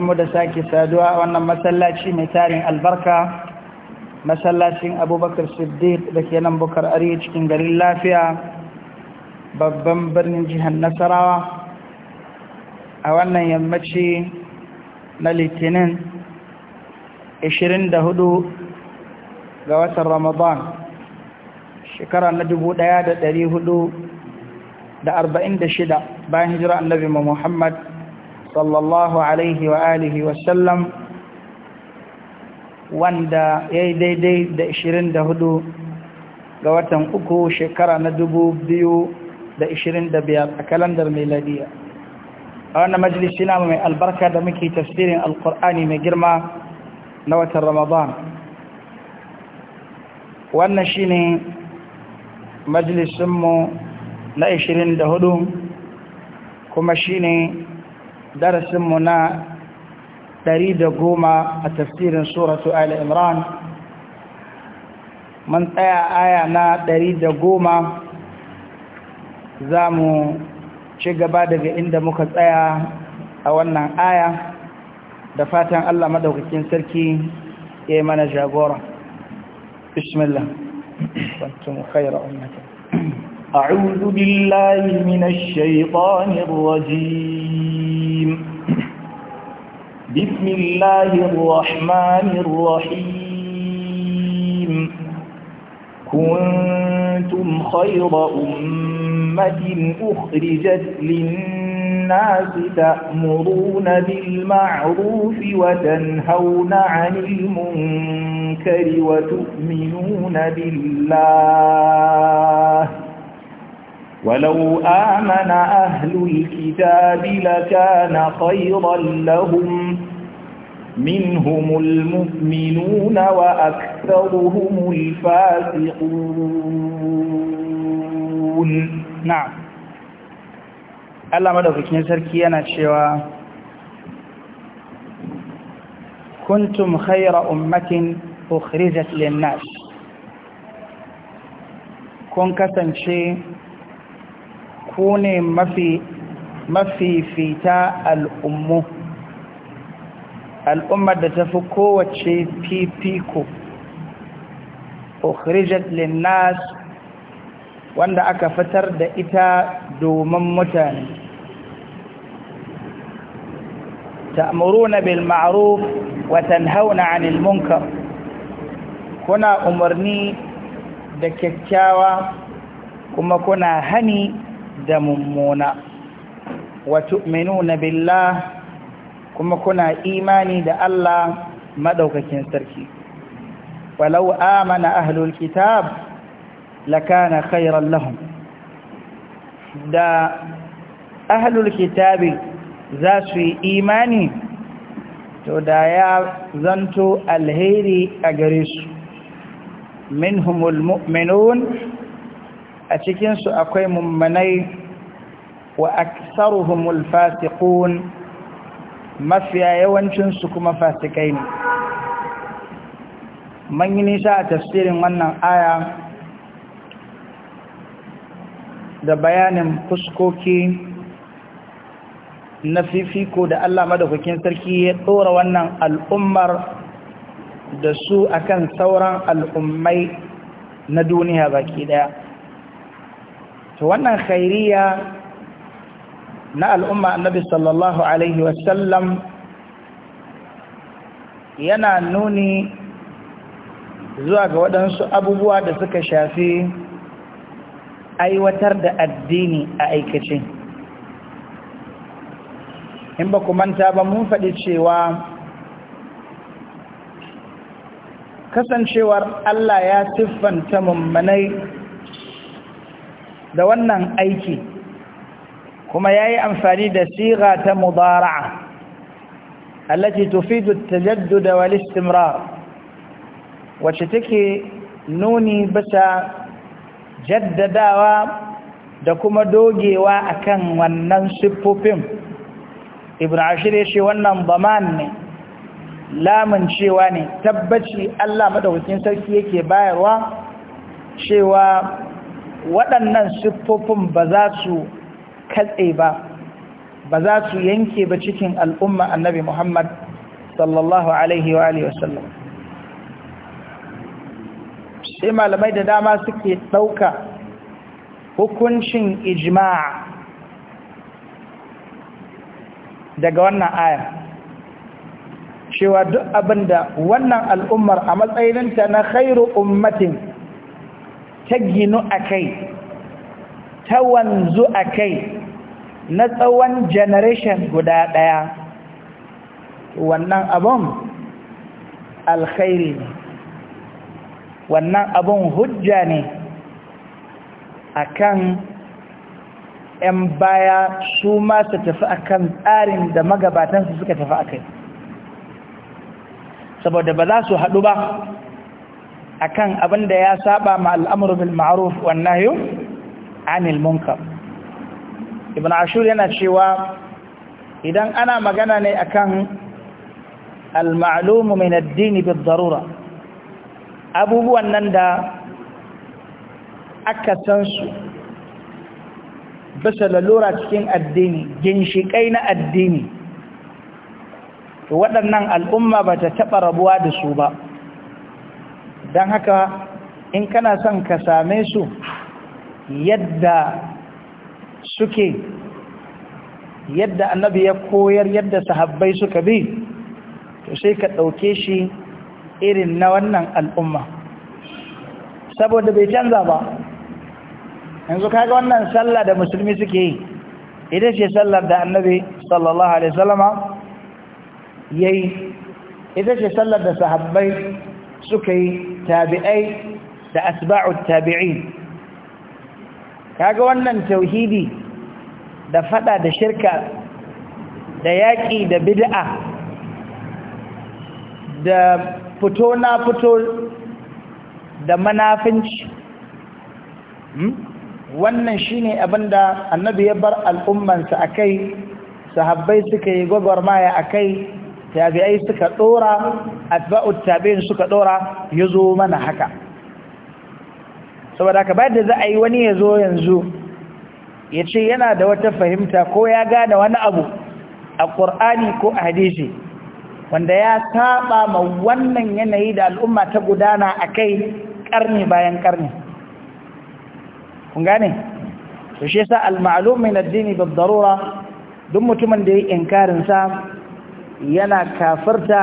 mu da sake saduwa a wannan masallaci mai tarin albarka masallacin abubakar siddiq da ke nan bukar ariya cikin garin lafiya babban birnin jihar nasarawa a wannan yammaci na litinin 24 ga watan ramadan shekara na 1446 bayan hijira annabi muhammad صلى الله عليه وآله وسلم wanda ya yi daidai da 24 ga watan uku shekara na 2025 a kalandar meladiya a wannan majalisi namu mai albarka da muke tafsirin alkur'ani mai girma na watan ramadan wannan shine majalisinmu na hudu kuma shine darasinmu na ɗari da goma a tafsirin suratu ala imran man tsaya aya na ɗari da goma za mu ci gaba daga inda muka tsaya a wannan aya da fatan Allah maɗaukakin sarki ya yi mana jagora bismillah kuntum khayra umarta أعوذ بالله من الشيطان الرجيم بسم الله الرحمن الرحيم كنتم خير أمة أخرجت للناس تأمرون بالمعروف وتنهون عن المنكر وتؤمنون بالله ولو آمن أهل الكتاب لكان خيرا لهم منهم المؤمنون وأكثرهم الفاسقون نعم ألا مدوك نسر كيانا شوا كنتم خير أمة أخرجت للناس كن كسن شيء ku ne mafi mafifita al'ummu al'ummar da ta fi kowace fifiko ukhrijat linnas wanda aka fitar da ita domin mutane ta'muruna bil ma'ruf wa tanhauna 'anil munkar kuna umarni da kyakkyawa kuma kuna hani da mummuna watu'minuna billah kuma kuna imani da Allah madaukakin sarki walau amana ahlul kitab lakana khairan lahum da ahlul kitabi za su yi imani to da ya zanto alheri a gare su minhumul mu'minun a cikinsu akwai mummanai wa aksaruhumul fasiqun mafiya yawancinsu kuma fasikai ne man yi nisa a tafsirin wannan aya da bayanin fuskoki na fifiko da Allah madaukakin sarki ya ɗora wannan al'ummar da su akan sauran al'ummai na duniya baki ɗaya to wannan khairiya na al'umma annabi sallallahu alaihi wasallam yana nuni zuwa ga waɗansu abubuwa da suka shafi aiwatar da addini a aikace in ba ku manta ba mun faɗi cewa kasancewar Allah ya siffanta mummanai da wannan aiki kuma ya yi amfani da siga ta mudara'a allati tufidu at-tajaddud wal istimrar wacce take nuni bisa jaddadawa da kuma dogewa akan wannan siffofin ibn ashir ya ce wannan baman ne lamun cewa ne tabbaci Allah madaukakin sarki yake bayarwa cewa waɗannan siffofin ba za su katse ba ba za su yanke ba cikin al'umma annabi Muhammad sallallahu alaihi wa Alaihi wasallam sai malamai da dama suke ɗauka hukuncin ijma'a daga wannan aya cewa duk abinda wannan al'ummar a matsayinta na khairu ummatin ta ginu a kai ta wanzu a na tsawon generation guda ɗaya wannan abun alkhairi ne wannan abun hujja ne akan ‘yan baya su ma su tafi kan tsarin da magabatansu suka tafi akai saboda ba za su haɗu ba akan abin da ya saba ma al'amru bil ma'ruf wan nahyu anil munkar ibn ashur yana cewa idan ana magana ne akan al ma'lum min ad-din darura abubuwan nan da aka san su bisa lalura cikin addini ginshiƙai na addini waɗannan al'umma ba ta taɓa rabuwa da su ba don haka in kana son ka same su yadda suke yadda annabi ya koyar yadda sahabbai suka bi to sai ka ɗauke shi irin na wannan al'umma saboda bai canza ba yanzu kaga wannan sallah da musulmi suke yi ita ce sallar da annabi sallallahu alaihi salama ya yi ita ce sallar da sahabbai suka yi tabi'ai da asba'ut tabi'in kaga wannan tauhidi da fada da shirka da yaki da bid'a da fito na fito da manafinci hmm? wannan shine abinda annabi ya bar al'ummansa akai sahabbai suka yi gwagwarmaya akai tabi'ai suka dora atba'ut tabi'in suka dora yazo mana haka saboda ka bayan da za a yi wani yazo yanzu yace yana da wata fahimta ko ya gane wani abu a Qur'ani ko a hadisi wanda ya saba ma wannan yanayi da al'umma ta gudana a kai karni bayan karni kun gane to shi yasa al-ma'lum min ad duk mutumin da yake inkarin sa yana kafirta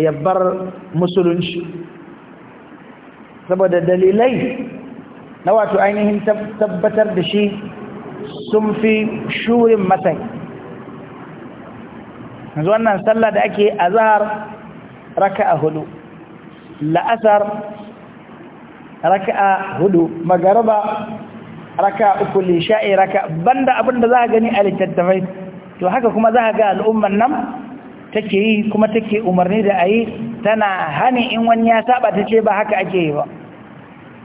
ya bar musulunci saboda dalilai na wato ainihin tabbatar da shi sun fi shurin matsayi yanzu wannan sallah da ake a raka a hudu la'asar raka a hudu magaraba raka uku lisha'i raka banda abinda za a gani a littattafai to haka kuma za a ga al'ummar nan take yi kuma take umarni da ayi tana hani in wani ya saba ta ce ba haka ake yi ba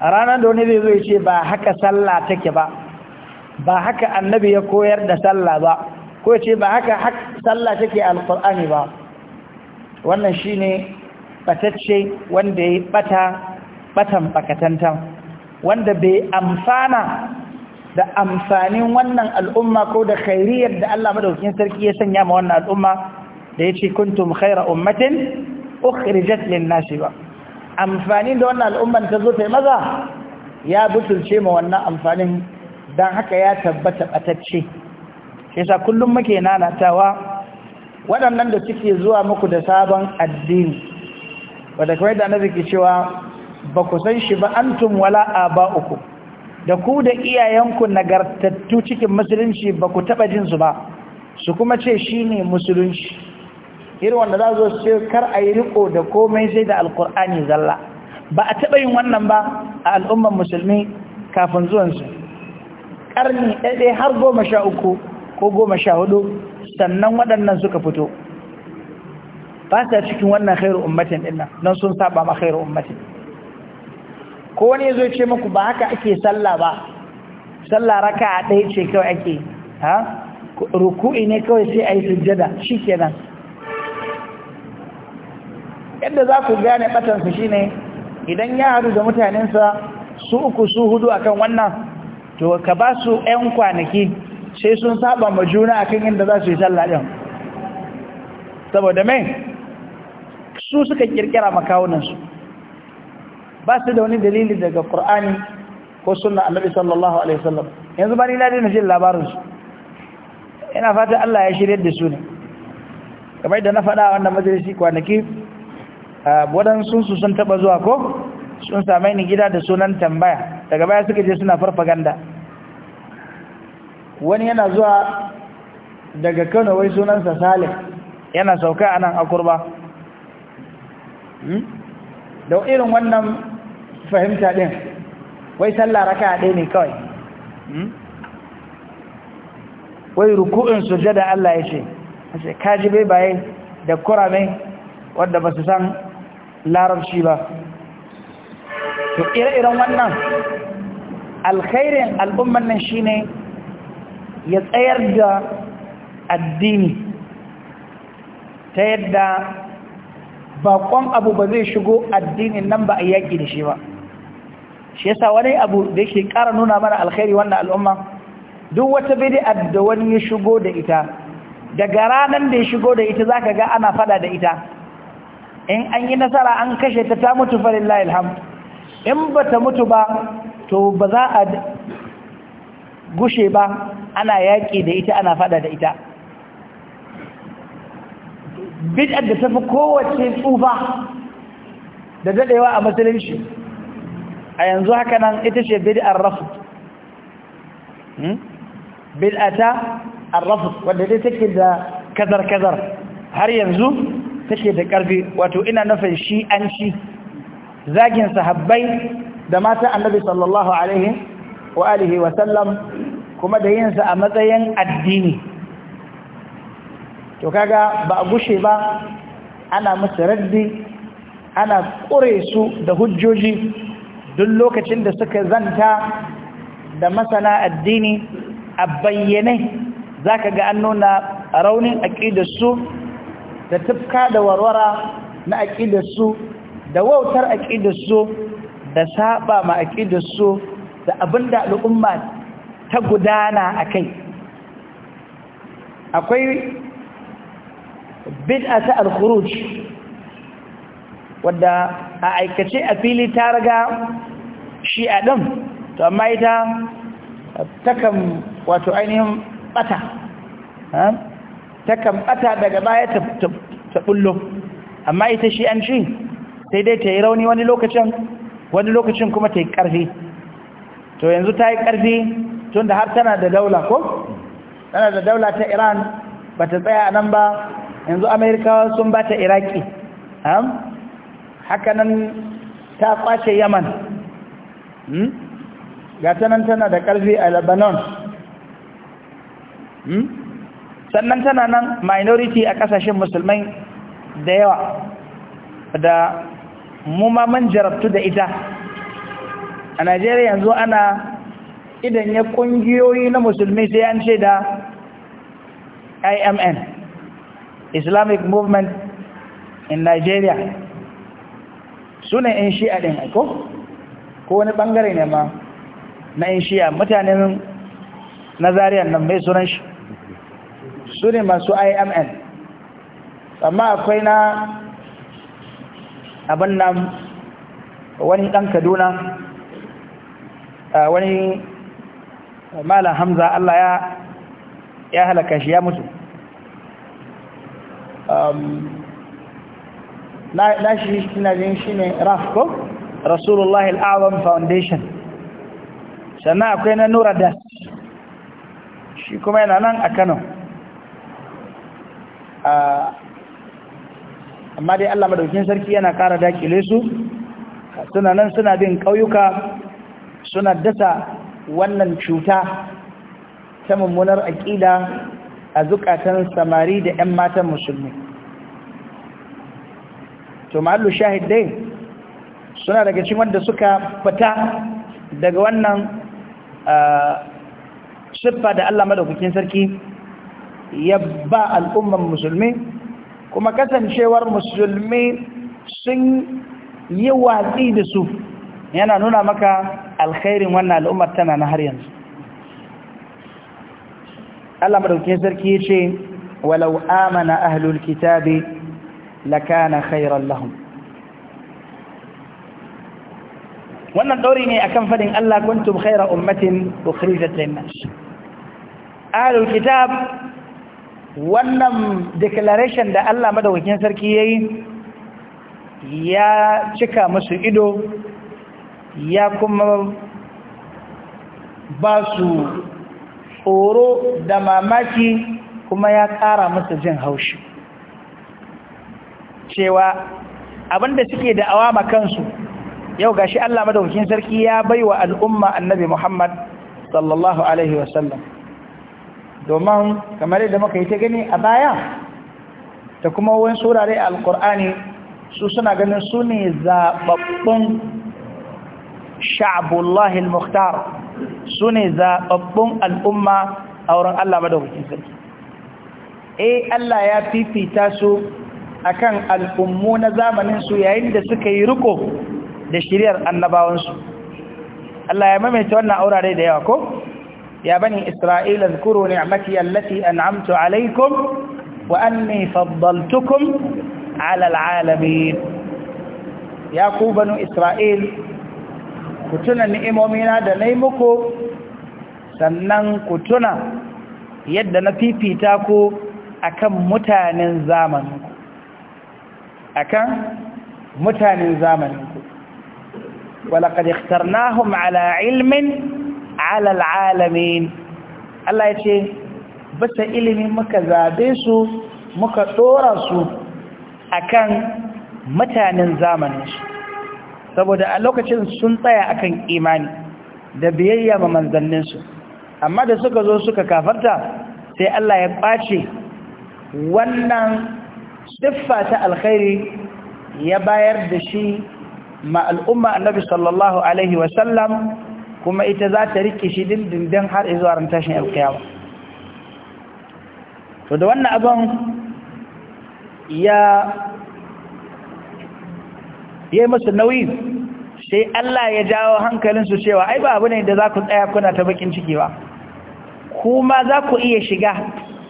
a ranar da wani zai ce ba haka sallah take ba ba haka annabi ya koyar da sallah ba ko ce ba haka sallah take alkur'ani ba wannan shi ne batacce wanda ya bata batan bakatantan wanda bai amfana da amfanin wannan al'umma ko da khairiyar da Allah maɗaukin sarki ya sanya ma wannan al'umma da yace kuntum khaira ummatin ukhrijat lin nasi ba amfanin da wannan al'umman ta zo ta maza ya butulce ma wannan amfanin dan haka ya tabbata batacce shi yasa kullum muke nanatawa waɗannan da suke zuwa muku da sabon addini wadakwai kamar da na ke cewa ba ku san shi ba antum wala aba'ukum da ku da iyayenku nagartattu cikin musulunci ba ku taɓa jin su ba su kuma ce shi ne musulunci irin wanda za zo ce kar a yi riko da komai sai da alkur'ani zalla ba a taɓa yin wannan ba a al'umman musulmi kafin zuwansu ƙarni ɗaiɗai har goma sha uku ko goma sha hudu sannan waɗannan suka fito ba sa cikin wannan khairu ummatin ɗin nan don sun saba ma khairu ummatin ko wani zo ce muku ba haka ake sallah ba sallah raka ɗaya ce kawai ake ha ruku'i ne kawai sai a yi sujjada shi kenan yadda za ku gane batansa shi ne idan ya haɗu da mutanensa su uku su hudu akan wannan to ka ba su 'yan kwanaki sai sun saba ma juna akan inda za su yi sallah ɗin saboda mai su suka kirkira makawunansu ba su da wani dalili daga qur'ani ko sunna annabi sallallahu alaihi wasallam yanzu ba ni na dina jin labarin su ina fata Allah ya shirye da su ne kamar da na faɗa wannan majalisi kwanaki waɗansu su sun taɓa zuwa ko sun same ni gida da sunan tambaya daga baya suka je suna farfaganda wani yana zuwa daga kano wai sunansa Salim yana sauka a nan a hmm? da irin wannan fahimta ɗin wai sallah raka ɗaya ne kawai hmm? wai ruku'in sujada Allah ya ce kaji bai baye da kurame wadda ba su san larabci ba to ire-iren wannan alkhairin al'umman nan shi ne ya tsayar da addini ta yadda bakon abu ba zai shigo addinin nan ba a yaƙi da shi ba shi yasa wani abu da yake ƙara nuna mana alkhairi wannan al'umma duk wata bid'a da wani ya shigo da ita daga ranar da ya shigo da ita zaka ga ana fada da ita in an yi nasara an kashe ta ta mutu falillahi alhamd in ba ta mutu ba to ba za a gushe ba ana yaƙi da ita ana fada da ita bid'ar da tafi kowace tsufa da dadewa a musulunci a yanzu haka nan ita ce bid'ar rafu hmm? bid'ata arrafu rafu dai take da kazar-kazar har yanzu take da karfi wato ina nufin shi an shi zagin sahabbai da mata annabi sallallahu alaihi wa alihi wa sallam kuma da yinsa a matsayin addini to kaga ba a gushe ba ana musu raddi ana kure su da hujjoji duk lokacin da suka zanta da masana addini a bayyane za ka ga an nuna raunin aƙidarsu da tufka da warwara na aƙidarsu da wautar aƙidarsu da saba ma aƙidarsu da abin da al'umma ta gudana a kai akwai bid'a ta al-khuruj wadda a aikace a fili ta raga shi adam to amma ita takan wato ainihin bata takan bata daga baya ta bullo amma ita shi an shi sai dai ta yi rauni wani lokacin wani lokacin kuma ta yi ƙarfi to yanzu ta yi ƙarfi tun da har tana da daula ko? tana da daula ta iran ba ta tsaya nan ba yanzu amerikawa sun ba ta iraki hakanan ta kwace yaman hmm? ga tana da ƙarfi a lebanon hmm? sannan tana nan minority a ƙasashen musulmai da yawa da mumaman jarabtu da ita a najeriya yanzu ana idan ya ƙungiyoyi na musulmi sai an ce da imn islamic movement in nigeria su ne yan shi'a ɗin aiko ko wani ɓangare ne ma na yan shi'a mutanen nazariyar nan mai sunan shi su ne masu imn amma akwai na abin nan wani ɗan kaduna wani malam hamza allah ya halaka shi ya mutu Um, na shi suna jin shi ne rafko rasulullah al'awam foundation sannan akwai na nura das shi kuma yana nan a kano amma dai allah madaukin sarki yana kara dakile su suna nan suna bin ƙauyuka suna dasa wannan cuta ta mummunar aƙida a zukatan samari da 'yan matan musulmi to mahallu shahid dai suna daga cikin wanda suka fita daga wannan siffa da Allah madaukakin sarki ya ba al'umman musulmi kuma kasancewar musulmi sun yi watsi da su yana nuna maka alkhairin wannan al'ummar tana na har yanzu Allah madaukakin sarki ya ce walau amana ahlul kitabi lakana khairan lahum wannan ɗauri ne akan fadin Allah kuntum khaira ummatin ukhrijat lin-nas ahlul kitab wannan declaration da Allah madaukakin sarki yayi ya cika musu ido ya kuma basu oro da mamaki kuma ya ƙara musu jin haushi cewa abinda suke da awama kansu yau gashi Allah madaukakin sarki ya baiwa al'umma annabi Muhammad sallallahu alaihi wasallam domin kamar yadda muka yi ta gani a baya ta kuma wani surare a alkur'ani su suna ganin su ne zaɓaɓɓun sha'abullahi al-mukhtar su ne zaɓaɓɓun al'umma a wurin Allah madaukakin sarki eh Allah ya fifita su akan al'ummu na zamanin su yayin da suka yi riko da shiriyar annabawansu Allah ya maimaita wannan aurare da yawa ko ya bani isra'ila zkuru ni'mati allati an'amtu alaikum wa anni faddaltukum ala alalamin ya ku banu isra'il ku tuna ni'imomina da nayi muku sannan ku tuna yadda na fifita ku akan mutanen zamaninku akan mutanen zamanin ku walaqad ikhtarnahum ala ilmin ala alalamin Allah yace bisa ilimi muka zabe su muka dora su akan mutanen zamanin su saboda a lokacin sun tsaya akan imani da biyayya ma manzannin su amma da suka zo suka kafarta sai Allah ya ƙwace wannan siffa ta alkhairi ya bayar da shi ma al'umma annabi sallallahu alaihi wasallam kuma ita za ta rike shi dindindin har zuwa ran tashin alkiyama to da wannan abin ya yi musu nauyi sai Allah ya jawo hankalinsu cewa ai ba abu ne da za ku tsaya kuna ta bakin ciki ba kuma za ku iya shiga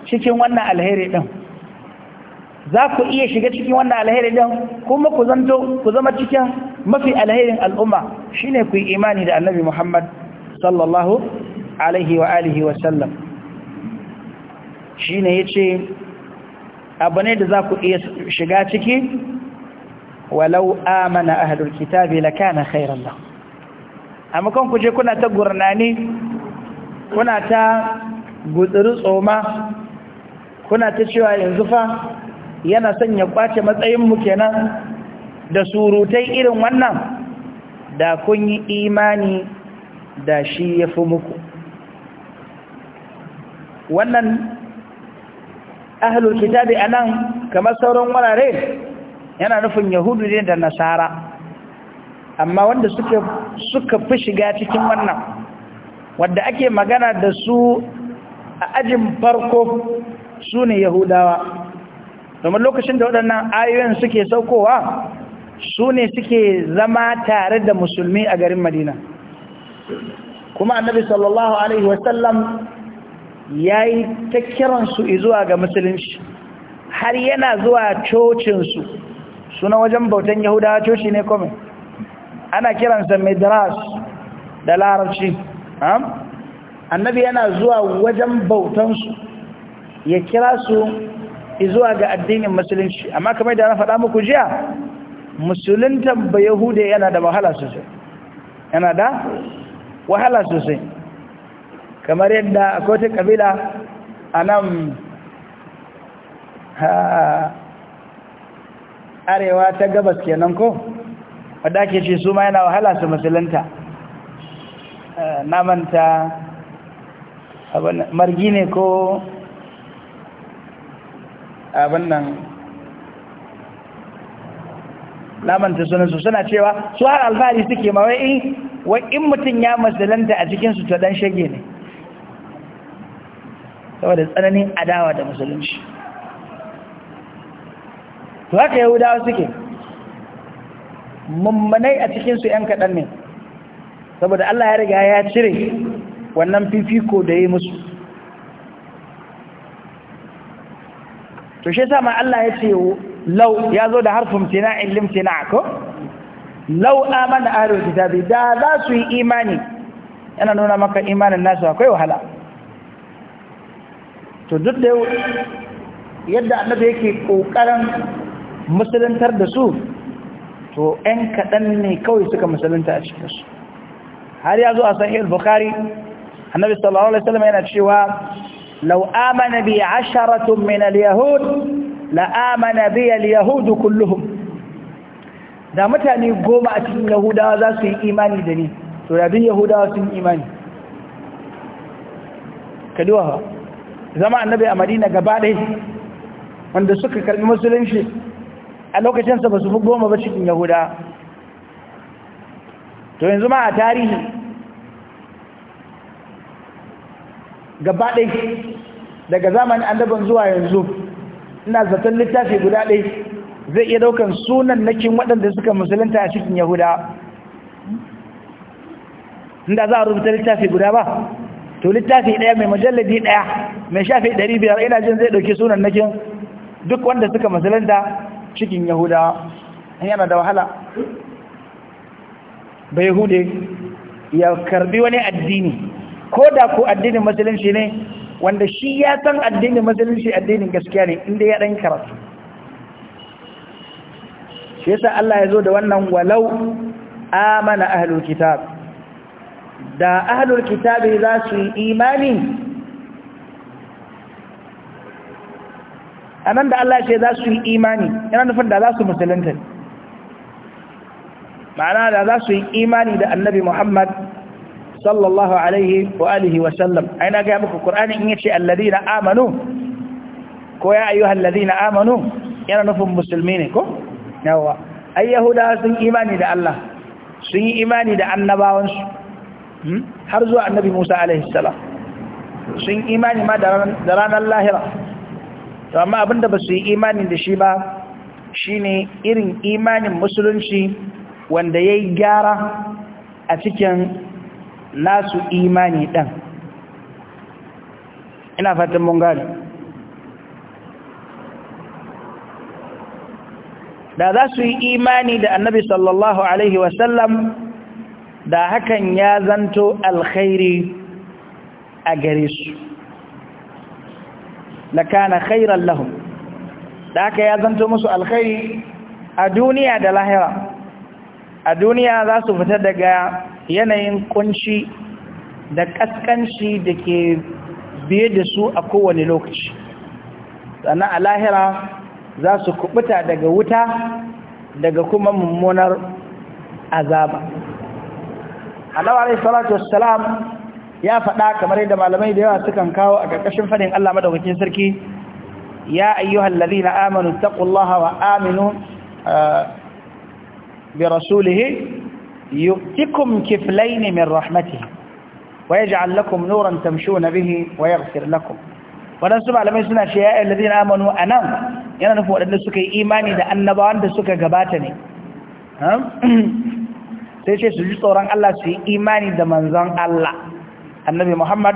cikin wannan alheri ɗin za ku iya shiga cikin wannan alheri din kuma ku zanto ku zama cikin mafi alherin al'umma shine ku yi imani da annabi Muhammad sallallahu alaihi wa alihi wa sallam shine yace abu ne da za ku iya shiga ciki walau amana ahlul kitabi lakana khairan lahu amma kan ku je kuna ta gurnani kuna ta gutsuru tsoma kuna ta cewa yanzu fa yana son ya kwace matsayin matsayinmu kenan da surutai irin wannan da kun yi imani da shi ya fi muku wannan ahlul a anan kamar sauran wurare yana nufin yahudu ne da nasara amma wanda suka suka fi shiga cikin wannan wanda ake magana da su a ajin farko su ne yahudawa domin lokacin da waɗannan ayoyin suke saukowa su ne suke zama tare da musulmi a garin madina kuma annabi sallallahu alaihi wasallam ya yi ta kiransu zuwa ga musulunci har yana zuwa cocinsu suna wajen bautan yahudawa coci ne kome ana kiransa madras da larabci annabi yana zuwa wajen bautansu ya kira su zuwa ga addinin musulunci amma kamar da na faɗa muku jiya musuluntan ba yahude yana da wahala sosai yana da wahala sosai kamar yadda akwai ta kabila a nan arewa ta gabas kenan ko wadda ake ce su ma yana wahala su musulunta eh, namanta margi ne ko abin nan lamanta su suna cewa su har alfahari suke ma wai in mutum ya masalanta a cikinsu to dan shage ne saboda tsananin adawa da musulunci to haka yahudawa suke mummanai a cikinsu ‘yan kaɗan ne saboda Allah ya riga ya cire wannan fifiko da ya musu to shi yasa ma Allah ya ce lau ya zo da harfin tina'in limtina ko lau amana ahlul kitabi da za su yi imani yana nuna maka imanin nasu akwai wahala to duk da yadda annabi yake kokarin musuluntar da su to ɗan kaɗan ne kawai suka musulunta a cikinsu har ya zo a sahih bukhari annabi sallallahu alaihi wasallam yana cewa لو آمن بي عشرة من اليهود لآمن بي اليهود كلهم da mutane goma a cikin yahudawa za su yi imani da ni to da duk yahudawa sun imani kaduwa zama annabi a madina gaba ɗaya wanda suka karbi musulunci a lokacinsa ba su fi goma ba cikin yahudawa to yanzu ma a tarihi gaba ɗai daga zamanin annaban zuwa yanzu ina zaton littafi guda ɗai zai iya ɗaukan sunan nakin waɗanda suka musulunta a cikin yahuda inda za a rubuta littafi guda ba to littafi ɗaya mai majalladi ɗaya mai shafi ɗari biyar ina jin zai ɗauki sunan nakin duk wanda suka musulunta cikin yahuda yana da wahala bai hude ya karbi wani addini ko da ku addinin musulunci ne wanda shi ya san addinin musulunci addinin gaskiya ne inda ya dan karatu shi yasa Allah ya zo da wannan walau amana ahlul kitab da ahlul kitab za su yi imani anan da Allah ce za su yi imani yana nufin da za su musulunta ma'ana da za su yi imani da annabi Muhammad sallallahu alaihi wa alihi wa sallam ai na ga muku qur'ani in yace alladina amanu ko ya ayyuhal ladina amanu yana nufin musulmi ko yawa ai yahuda sun imani da Allah sun yi imani da annabawan su hmm? har zuwa annabi Musa alaihi salam sun imani ma da ranar lahira to amma abinda ba su yi imani da shi ba shine irin imanin musulunci wanda yayi gyara a cikin nasu imani ɗan ina fatan mun gane da za su yi imani da annabi sallallahu alaihi wasallam da hakan ya zanto alkhairi a gare su da kana khairan lahum da haka ya zanto musu alkhairi a duniya da lahira a duniya za su fita daga yanayin kunci da kaskanci da ke biye da su a kowane lokaci sannan a lahira za su kubuta daga wuta daga kuma mummunar azaba annabi alayhi salatu wassalam ya faɗa kamar yadda malamai da yawa sukan kawo a ƙarƙashin faɗin Allah madaukakin sarki ya ayyuhal ladina amanu taqullaha wa aminu uh, bi rasulihi يؤتكم كفلين من رحمته ويجعل لكم نورا تمشون به ويغفر لكم waɗansu malamai suna ce ya'yan da zina amonu a nan yana nufin waɗanda suka yi imani da annabawan da suka gabata ne sai ce su ji tsoron Allah su yi imani da manzon Allah annabi Muhammad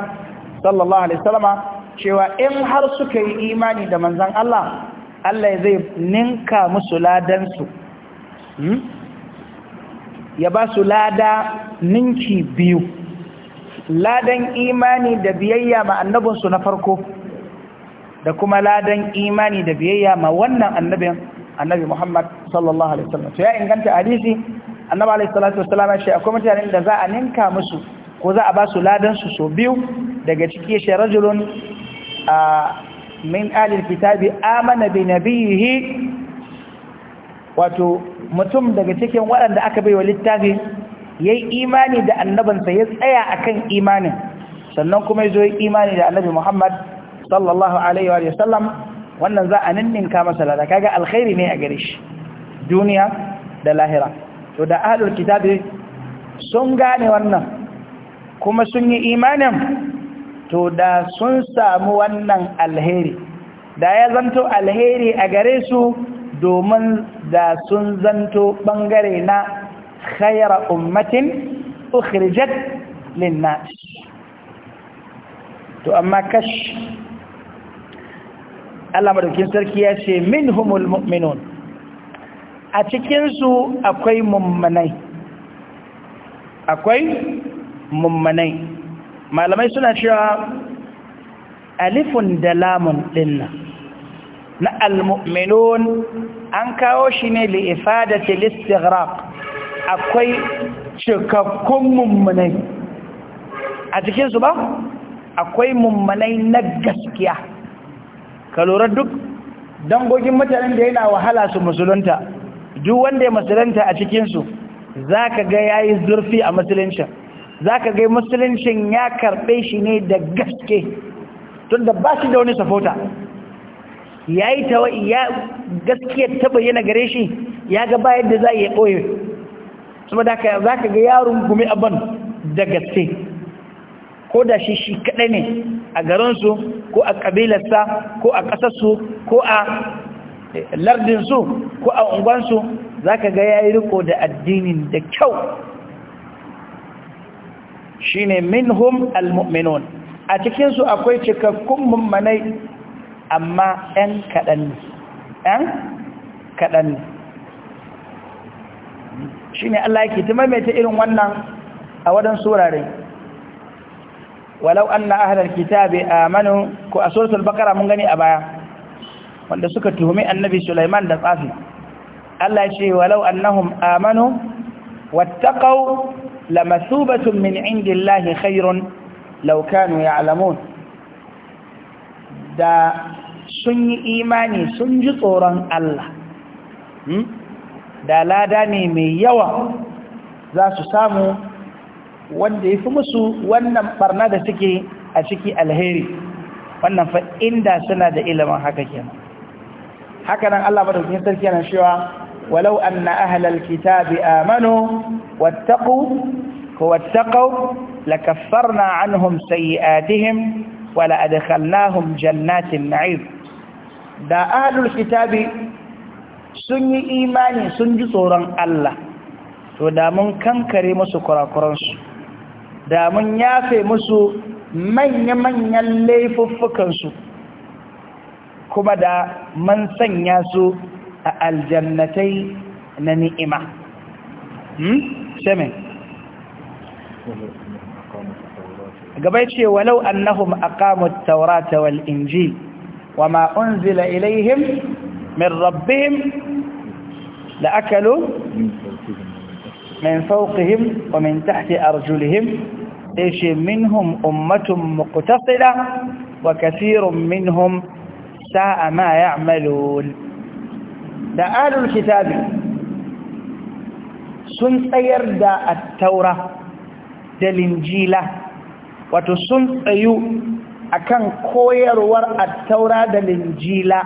sallallahu alaihi wasallama cewa in har suka yi imani da manzon Allah Allah zai ninka musu ladan ladansu ya ba su lada ninki biyu ladan imani da biyayya ma annabinsu na farko da kuma ladan imani da biyayya ma wannan annabin annabi Muhammad sallallahu alaihi wasallam to ya inganta hadisi annabi alaihi salatu wasallam shi akwai mutanen da za a ninka musu ko za a ba su ladan su so biyu daga ciki shi rajulun a min alil kitabi amana bi nabiyhi wato mutum daga cikin waɗanda aka baiwa littafi ya yi imani da annabansa ya tsaya a kan imanin sannan kuma ya zo yi imani da annabi Muhammad sallallahu alaihi wa sallam wannan za a ninninka masa lada kaga alkhairi ne a gare shi duniya da lahira to da ahlul kitabi sun gane wannan kuma sun yi imanin to da sun samu wannan alheri da ya zanto alheri a gare su domin da sun zanto ɓangare na khayara ummatin ukhrijat linnas to amma kash Allah madaukin sarki ya ce minhumul mu'minun a cikin su akwai mummanai akwai mummanai malamai suna cewa alifun da lamun dinnan na almu'minun an kawo shi ne li ifadati listighraq akwai cikakkun mummunai a cikin ba akwai mummunai na gaskiya ka lura duk dangogin mutanen da yana wahala su musulunta duk wanda ya musulunta a cikinsu, su zaka ga yayi zurfi a musuluncin za ka ga musuluncin ya karɓe shi ne da gaske Tunda da ba shi da wani safota ya yi tawa'i ya gaskiyar ta bayyana gare shi ya ga ba yadda za a yi ɓoye saboda haka za ka ga yaron gumi aban da gaske ko da shi shi kaɗai ne a garinsu ko a ƙabilarsa ko a ƙasarsu ko a lardinsu ko a unguwansu za ka ga ya yi riko da addinin da kyau shi ne minhum al-mu'minun a cikinsu akwai cikakkun mummanai amma ‘yan kaɗan ne ‘yan kaɗan ne shi ne Allah yake ta maimaita irin wannan a waɗansu surare? walau an na ahalar kitabe a ko a bakara mun gani a baya wanda suka tuhumi annabi Sulaiman da tsafi Allah ce walau annahum amanu wattaqau lamathubatun min indillahi khairun law kanu ya'lamun da sun yi imani sun ji tsoron Allah hmm? da lada ne mai yawa za su samu wanda ya fi musu wannan barna da suke a ciki alheri wannan fa inda suna da ilimin haka kenan haka nan Allah madaukakin sarki yana cewa walau anna ahlal kitabi amanu wattaqu ko wattaqu lakaffarna anhum sayi'atihim wala adkhalnahum jannatin na'im da ahlul kitabi sun yi imani sun ji tsoron Allah to da mun kankare musu kurakuransu da mun yafe musu manya-manyan su, kuma da mun sanya su a aljannatai na ni'ima. Hmm? Shemin. gaba ce walau annahum aqamu at-taurata wal injil wama unzila ilaihim min rabbihim la akalu min fawqihim wa min tahti arjulihim minhum ummatun muqtasila wa kathirun minhum saa ma ya'malun da alul الكتاب sun tsayar da at attaura da linjila wato sun tsayu akan koyarwar attaura da linjila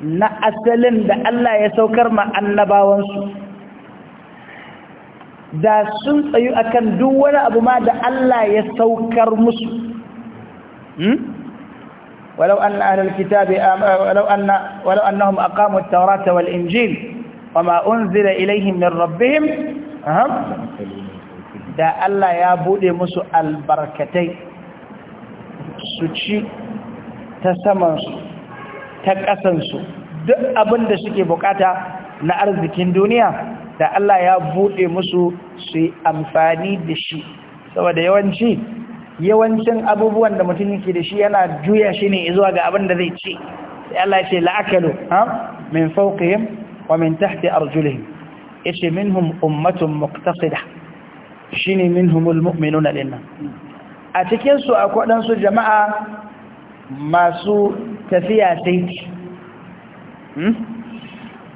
na asalin da Allah ya saukar ma da sun tsayu akan duk wani abu ma da Allah ya saukar musu ولو أن أهل الكتاب ولو أن ولو أنهم أقاموا التوراة والإنجيل وما أنزل إليهم من ربهم أهم da Allah ya bude musu albarkatai su ci ta samansu ta ƙasansu duk abin da suke bukata na arzikin duniya da Allah ya bude musu su yi amfani da shi saboda yawanci yawancin abubuwan da mutum yake da shi yana juya shi ne zuwa ga abin da zai ci sai Allah ya ce la'akalu ha min fawqihim wa min tahti arjulihim yace minhum ummatun muqtasida shine minhumul mu'minuna dinnan a cikin su akwai dan su jama'a masu tafiya saiti hmm?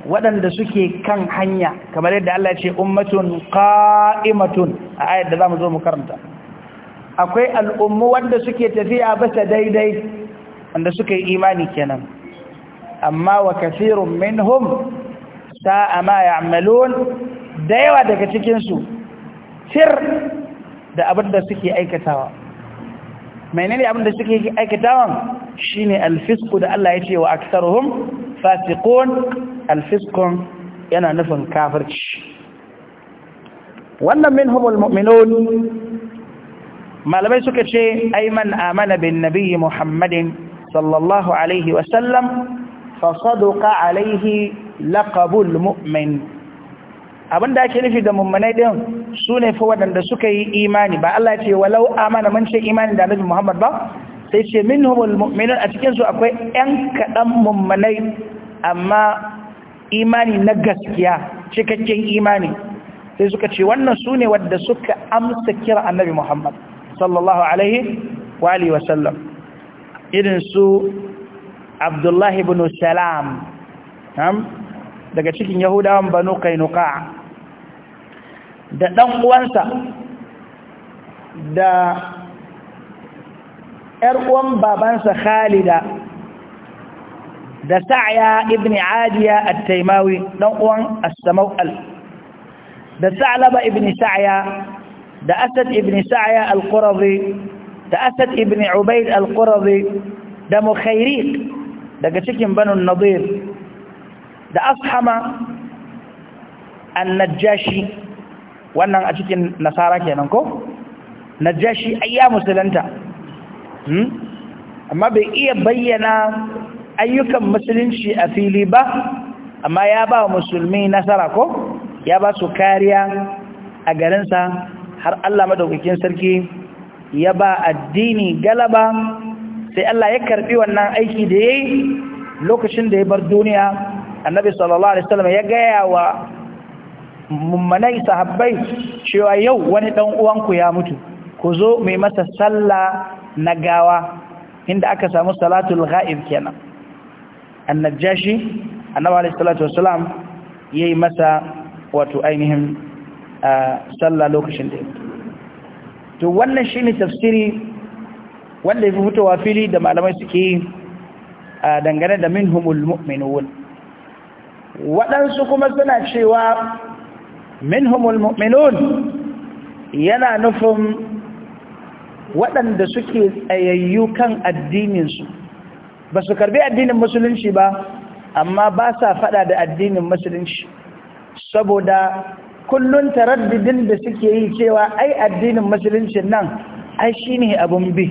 waɗanda suke kan hanya kamar yadda Allah ce ummatun qa'imatun a ayat da zamu zo mu karanta akwai al'ummu wanda suke tafiya ba ta daidai wanda suka yi imani kenan amma wa kathirun minhum sa'a ma ya'malun da yawa daga cikinsu. tir da abin da suke aikatawa menene abin da suke aikatawa shine alfisku da Allah ya ce wa aktsaruhum fasiqun alfiskun yana nufin kafirci wannan minhumul mu'minun malamai suka ce aiman man amana bin nabiyyi muhammadin sallallahu alaihi wa sallam fa sadaqa alaihi laqabul mu'min abin da ake nufi da mummunai din su ne fa waɗanda suka yi imani ba Allah ce walau amana mun ce imani da nabi Muhammad ba sai ce minhumul mu'minun a cikin su akwai ƴan kaɗan mummunai amma imani na gaskiya cikakken imani sai suka ce wannan su ne wadda suka amsa kira Annabi Muhammad sallallahu alaihi wa alihi wa sallam irin su Abdullah ibn Salam daga cikin yahudawan banu kainuka da ɗan uwansa da ‘yar uwan babansa khalida da sa'ya ibn adiya a taimawi ɗan uwan as da sa'laba ibn sa'ya da asad ibn sa'ya al-qurazi da asad ibn ubaid al-qurazi da mukhayriq daga cikin banun nadir da ashama annajashi wannan a cikin nasara kenan ko najashi ayya musulunta hmm? amma bai iya bayyana ayyukan musulunci a fili ba amma ya ba musulmi nasara ko ya ba su kariya a garinsa har Allah madaukakin sarki ya ba addini galaba sai Allah ya karbi wannan aiki da yayi lokacin da ya bar duniya annabi sallallahu alaihi wasallam ya gaya wa mummanai sahabbai cewa yau wani dan uwanku ya mutu ku zo mai masa sallah na gawa inda aka samu salatul ghaib kenan annajashi annabi alaihi salatu yayi masa wato ainihin sallah lokacin da to wannan shine tafsiri wanda ya fitowa fili da malamai suke dangane da minhumul mu'minun waɗansu kuma suna cewa minhumul mu'minun yana nufin waɗanda suke tsayayyu kan addininsu ba su karbi addinin musulunci ba amma ba sa faɗa da addinin musulunci saboda kullum taraddidin da suke yi cewa ai addinin musulunci nan ai shi ne abun bi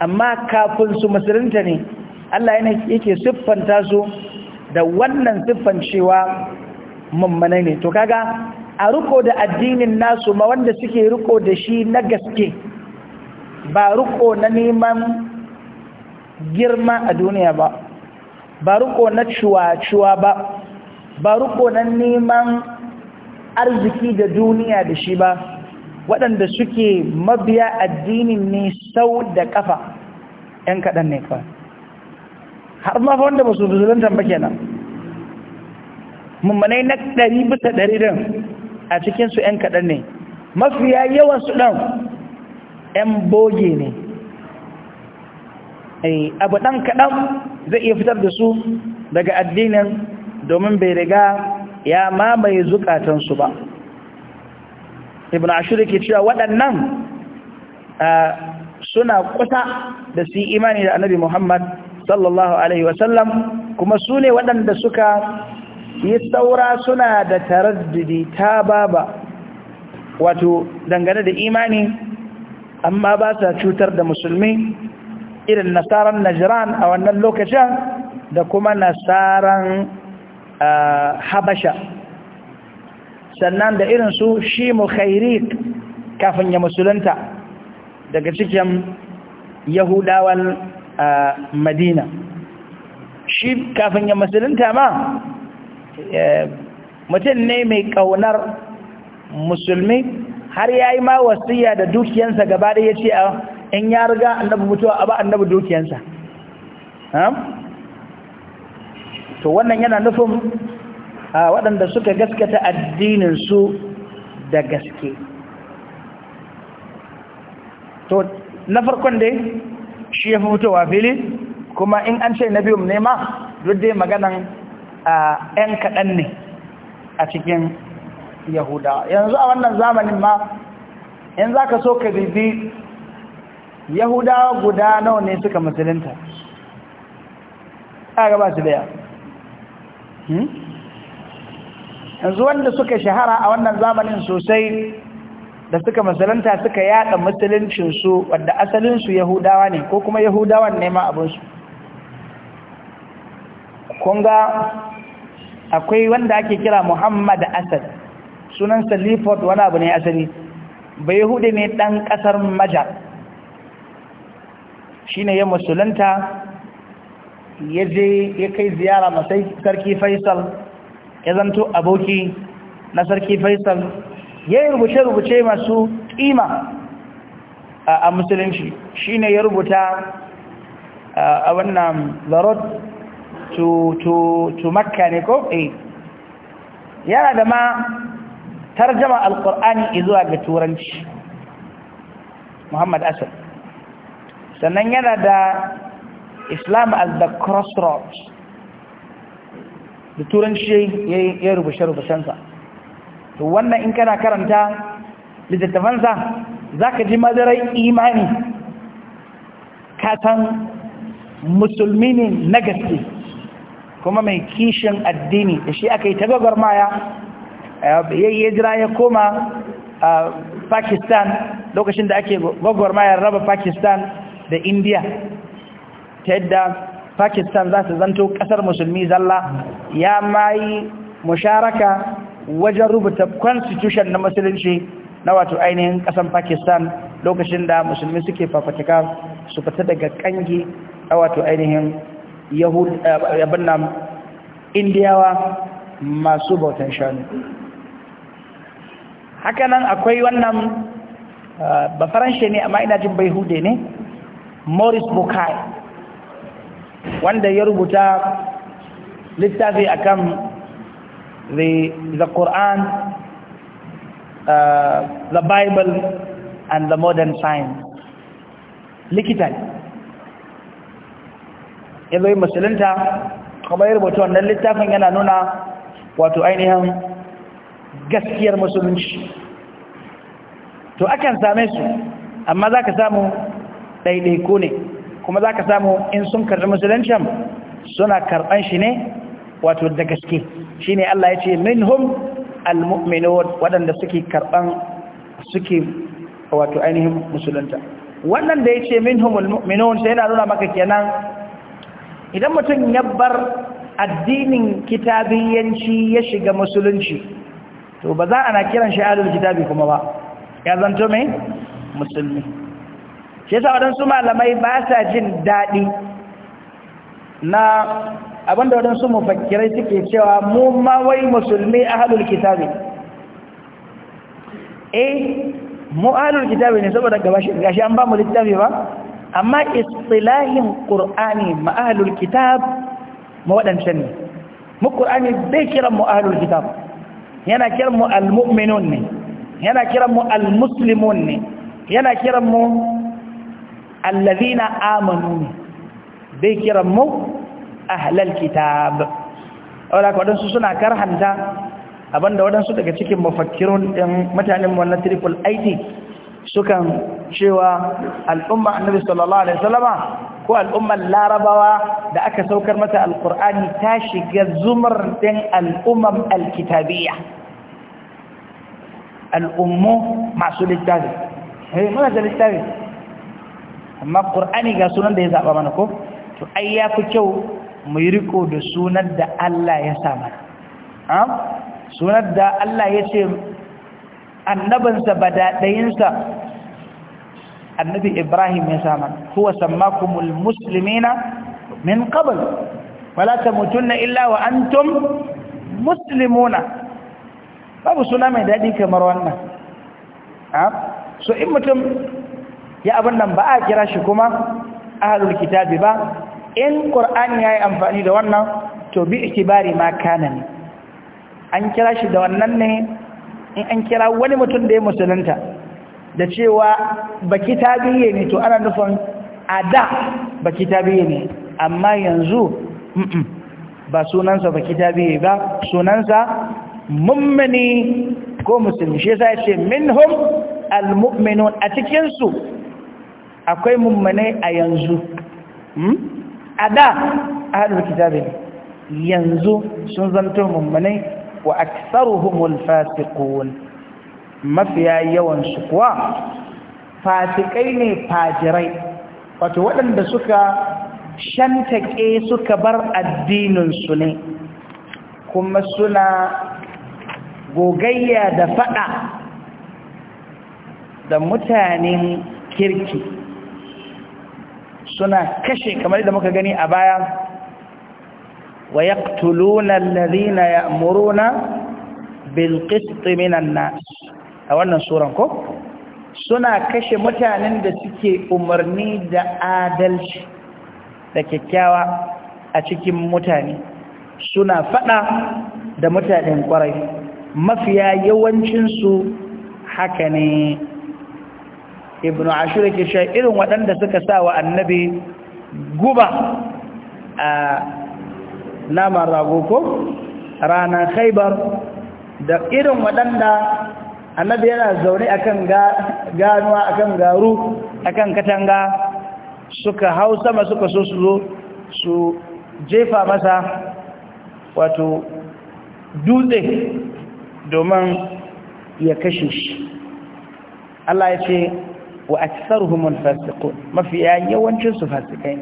amma kafin su musulunta ne Allah yake siffanta su da wannan siffan cewa mummanai ne to kaga a riko da addinin nasu ma wanda suke riko da shi na gaske ba riko na neman girma a duniya ba ba riko na cuwa-cuwa ba ba riko na neman arziki da duniya da shi ba waɗanda suke mabiya addinin ne sau da ƙafa ‘yan kaɗan ne kawai har ma fa wanda ba su musulunta ba kenan mummanai na ɗari bisa ɗari ɗin a cikinsu ‘yan kaɗan ne mafiya yawan su ɗan ‘yan boge ne eh, abu ɗan kaɗan zai iya fitar da su daga addinin domin bai riga ya mamaye zukatansu ba ibn Ashiru ke cewa waɗannan ah, suna kusa da su imani da annabi muhammad sallallahu alaihi wasallam kuma su ne waɗanda suka yi saura suna da taraddudi ta baba wato dangane da imani amma ba sa cutar da musulmi irin nasaran najiran a wannan lokacin da kuma nasaran habasha sannan da irin su shi mu khairik kafin ya musulunta daga cikin yahudawan a madina shi kafin ya musulunta ma mutum ne mai ƙaunar musulmi har ya yi ma wasiya da dukiyansa gaba ya ce a ah, in ya riga annabu mutuwa a ba annabi dukiyansa to wannan yana nufin a waɗanda suka gaskata addininsu da gaske to na farkon dai shi ya fi fitowa fili kuma in an ce na biyun ma duk dai maganan ‘yan kaɗan ne a cikin yahudawa yanzu a wannan zamanin ma in za ka so ka bibi yahudawa guda nawa ne suka musulunta a gaba su daya hmm? yanzu wanda suka shahara a wannan zamanin sosai da suka musulunta suka yada musuluncinsu wadda asalinsu yahudawa ne ko kuma yahudawan ne ma abinsu kunga akwai wanda ake kira muhammad asad sunan salifot wani abu ne asali bai yahudi ne dan kasar maja shi ne ya musulunta ya je ya kai ziyara masai sarki faisal ya zanto aboki na sarki faisal ya yi rubuce-rubuce masu ƙima a musulunci shi ne ya rubuta a wannan zarot to makka ne ko eh. yana da ma tarjama alkur'ani izuwa ga turanci muhammad asad sannan yana da islam as the crossroads da turanci ya rubuce-rubucensa to wannan in kana karanta littattafansa za ka ji madarar imani katon musulmi ne na gaske kuma mai kishin addini da shi aka yi ta maya ya jira ya koma a pakistan lokacin da ake gwagwarmayar raba pakistan da india ta yadda pakistan za su zanto kasar musulmi zalla ya mayi musharaka wajen rubuta constitution na musulunci na wato ainihin kasan pakistan lokacin da musulmi suke fafatika su fita daga kangi a wato ainihin yabin eh, nan indiyawa masu bautan shanu hakanan akwai wannan eh, ba faranshe ne amma ina jin bai hude ne maurice bukai wanda ya rubuta littafi akan the, the Quran, uh, the Bible, and the modern science. Likita ya zo yi musulunta, kuma ya rubutu wannan littafin yana nuna wato ainihin gaskiyar musulunci. To, akan same su, amma za ka samu ɗaiɗaiku ne, kuma za ka samu in sun karɓi musuluncin suna karɓan shi ne wato da gaske shi ne Allah ya ce minhum almu'minun waɗanda suke karɓan suke wato ainihin musulunta wannan da ya ce minhum almu'minun sai yana nuna maka kenan idan mutum ya bar addinin kitabiyanci ya shiga musulunci to ba za ana kiran shi ahlul kitabi kuma ba ya zanto mai musulmi shi yasa waɗansu malamai ba sa jin daɗi na abinda waɗansu mafakkirai suke cewa mu ma wai musulmi ahalul kitabi eh mu ahalul kitabi ne saboda gashi an ba mu littafi ba amma istilahin qur'ani ma ahalul kitab mu waɗancan ne mu qur'ani bai kiran mu ahalul kitab yana kiran mu almu'minun ne yana kiran mu almuslimun ne yana kiran mu allazina amanu ne bai kiran mu ahlal kitab wala waɗansu suna karhanta abinda waɗansu daga cikin mafakkirun ɗin mutanen wannan triple it sukan cewa al'umma annabi sallallahu alaihi wasallama ko al'ummar larabawa da aka saukar mata alkur'ani ta shiga zumar din al'ummar alkitabiyya al'ummu masu littafi hei eh, mana da littafi amma ƙur'ani ga sunan da ya zaba mana ko to ai ya fi kyau mu yi riko da sunar da Allah ya samar sunar da Allah ya ce annabinsa ba daɗayinsa annabi Ibrahim ya samar kuwa sammakumul muslimina min qabl mutum na illa wa antum muslimuna babu suna mai daɗi kamar wannan so in mutum ya abin nan ba a kira shi kuma ahalul kitabi ba in ƙur'ani ya yi amfani da wannan to bi ikibari ma kana ne an kira shi da wannan ne in an kira wani mutum da ya musulunta da cewa baki tabiye ne to ana nufin a da baki ne amma yanzu ba sunansa baki biye ba sunansa mummini ko musulmi shi yasa ce minhum almu'minun a cikinsu akwai mummune a yanzu hmm? a da ahlul kitabi yanzu sun zanto mummunai wa aktsaruhumul fasiqun mafiya yawan su kuwa fasikai ne fajirai wato waɗanda suka shantake suka bar addininsu ne kuma suna gogayya da fada da mutanen kirki suna kashe kamar da muka gani a baya wa yaqtuluna alladhina ya'muruna bil qist minan nas a wannan suran ko suna kashe mutanen da suke umarni da adalci da kyakkyawa a cikin mutane suna fada da mutanen kwarai mafiya yawancinsu haka ne ibn ashur ke shi irin waɗanda suka sa wa annabi guba a naman rago ko ranar khaibar da irin waɗanda annabi yana zaune akan ganuwa akan garu akan katanga suka hau sama suka so su zo su jefa masa wato dutse domin ya kashe shi Allah ya ce wa aktsaruhum fasiqun mafi yawancin su fasikai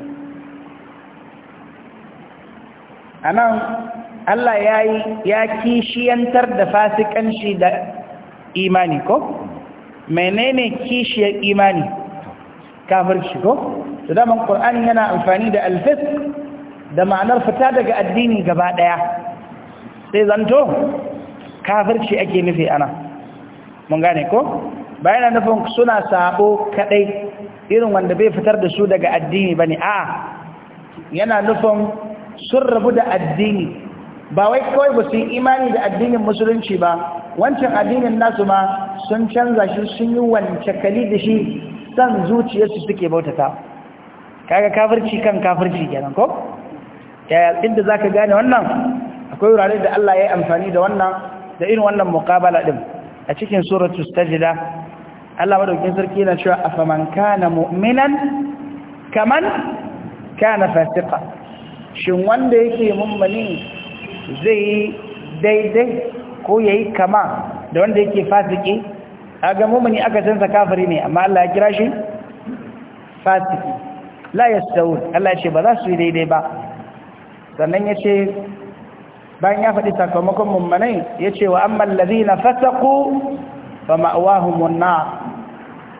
anan Allah yayi ya kishiyantar da fasikan shi da imani ko menene kishiyar imani shi ko to qur'ani yana amfani da al-fisq da ma'anar fita daga addini gaba daya sai zanto kafirci ake nufi ana mun gane ko ba yana nufin suna sabo kadai irin wanda bai fitar da su daga addini bane a yana nufin sun rabu da addini ba wai kawai ba su yi imani da addinin musulunci ba wancan addinin nasu ma sun canza shi sun yi wance kali da shi san zuciyarsu suke bautata kaga kafirci kan kafirci kenan ko yaya inda zaka gane wannan akwai wurare da Allah ya yi amfani da wannan da irin wannan muqabala din a cikin suratul sajda Allah madaukin sarki yana cewa afaman kana mu'minan kaman kana fasiqa shin wanda yake mummuni zai daidai ko yayi kama da wanda yake fasiki aga mummuni aka canza kafari kafiri ne amma Allah ya kira shi fasiki la yastawun Allah ya ce ba za su yi daidai ba sannan ya ce bayan ya faɗi sakamakon mummunai ya ce wa amma fasaku fasaqu fa ma'awahumun nar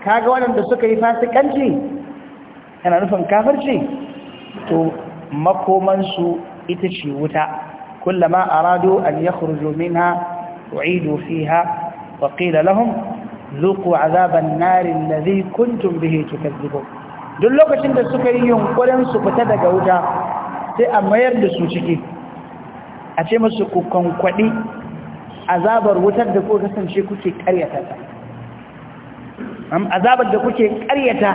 kaga waɗanda suka yi fasikanci yana nufin kafirci to makomansu ita ce wuta kullama aradu an yakhruju minha u'idu fiha wa qila lahum zuqu azaban nar bihi tukadzibun duk lokacin da suka yi yunkurin su fita daga wuta sai a mayar da su ciki a ce musu ku konkwadi azabar wutar da kuka kasance kuke karyata ta Am azabar da kuke ƙaryata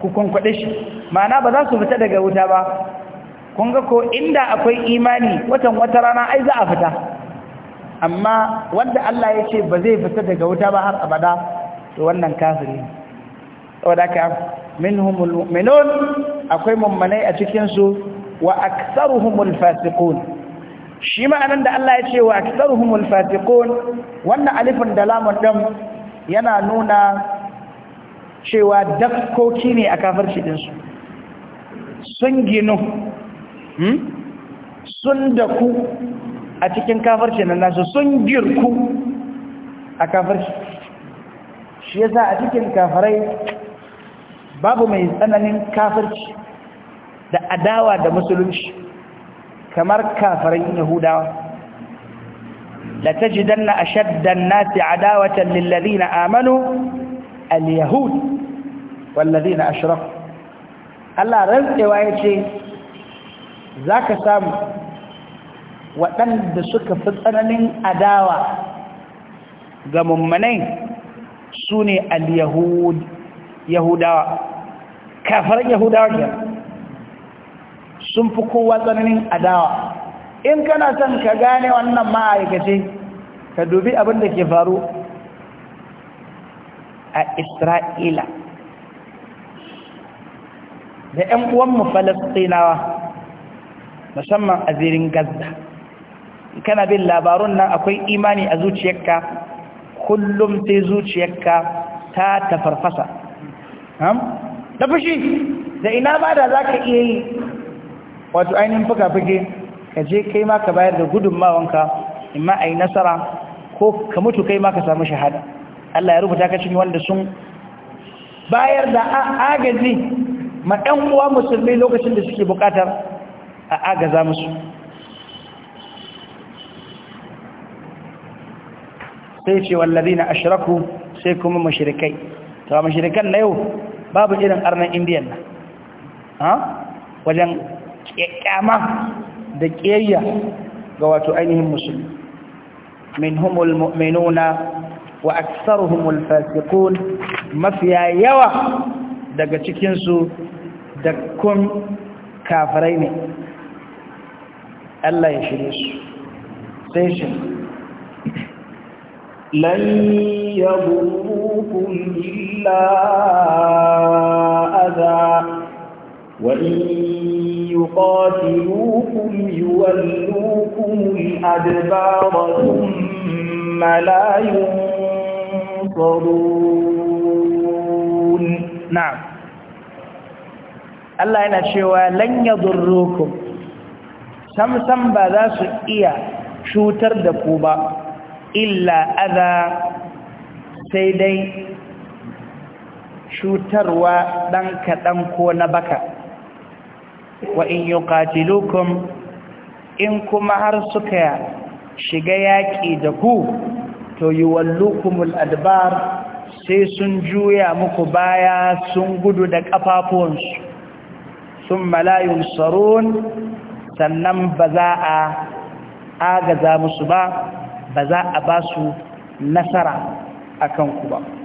ku kwankwaɗe shi ma'ana ba za su fita daga wuta ba kun ga ko inda akwai imani watan wata rana ai za a fita amma wanda Allah ya ce ba zai fita daga wuta ba har abada to wannan kafiri ne saboda haka minhumul mu'minun akwai mummanai a cikin su wa aktsaruhumul fasiqun shi ma'anan da Allah ya ce wa aktsaruhumul fasiqun wannan alifin da lamun din yana nuna cewa dakkoki ne a kafarci ɗinsu sun ginu hmm? sun daku a cikin kafarci na nasu sun girku a kafarci shi ya sa a cikin kafarai babu mai tsananin kafarci da adawa da musulunci kamar kafarin yahudawa لتجدن أشد الناس عداوة للذين آمنوا اليهود والذين أشركوا Allah rantsewa ya ce zaka samu waɗanda suka fi tsananin adawa ga mumanai su ne al-yahudawa yahudawa ke sun fi kowa tsananin adawa in kana son ka gane wannan ma'aikace ka dubi abin da ke faru a isra'ila da 'yan uwanmu falastinawa musamman a zirin gaza kana bin labarun nan akwai imani a zuciyarka kullum sai zuciyarka ta tafarfasa da fushi da ina ba da za ka iya yi wato ainihin fuka fuki ka je kai ma ka bayar da gudunmawanka in ma a yi nasara ko ka mutu kai ma ka samu shahada Allah ya rubuta ka cikin wanda sun bayar da agaji ma ɗan uwa musulmi lokacin da suke buƙatar a agaza musu sai ce wallazi na ashiraku sai kuma mashirikai ta mashirikan na yau babu irin arnan indiyan na wajen ƙyama da ƙiyayya ga wato ainihin musulmi minhumul mu'minuna wa aktsaruhumul fasiqun mafiya yawa daga cikinsu da kun kafirai ne Allah ya shirye su sai shi lan yaburukum illa adha وإن يقاتلوكم يولوكم الأدبار ثم لا ينصرون نعم الله إلا شوى لن يضروكم سمسم بذا سئية شو تردكوبا إلا أذا سيدي شو تروى دنك دنكو نبكت wa in yuqatilukum in kuma har suka shiga yaƙi da ku to yuwallukumul adbar sai sun juya muku baya sun gudu da ƙafafuwansu sun malayun tsaron sannan ba za a agaza musu ba ba za a ba nasara a kanku ba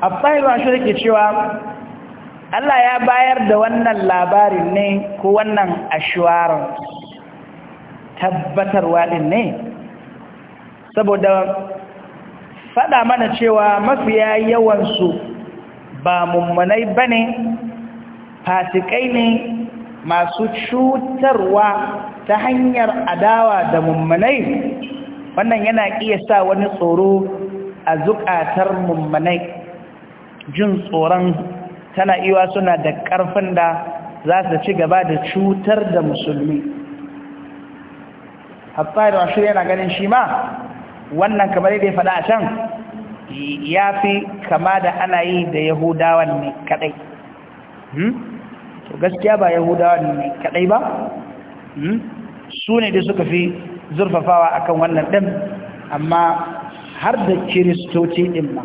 abtahir shi yake cewa Allah ya bayar da wannan labarin ne ko wannan ashwaran tabbatarwa din ne saboda fada mana cewa mafiya yawansu ba mummunai bane fasikai ne masu cutarwa ta hanyar adawa da mummunai wannan yana iya sa wani tsoro a zukatar mummunai jin tsoron tana iwa suna da ƙarfin da za su ci gaba da cutar da musulmi hatta da wasu yana ganin shi ma wannan kamar yadda ya faɗa a can ya fi kama da ana yi da yahudawan ne kaɗai hmm? to gaskiya ba yahudawa ne kaɗai ba hmm? su ne da suka fi zurfafawa akan wannan ɗin amma har da kiristoci ɗin ma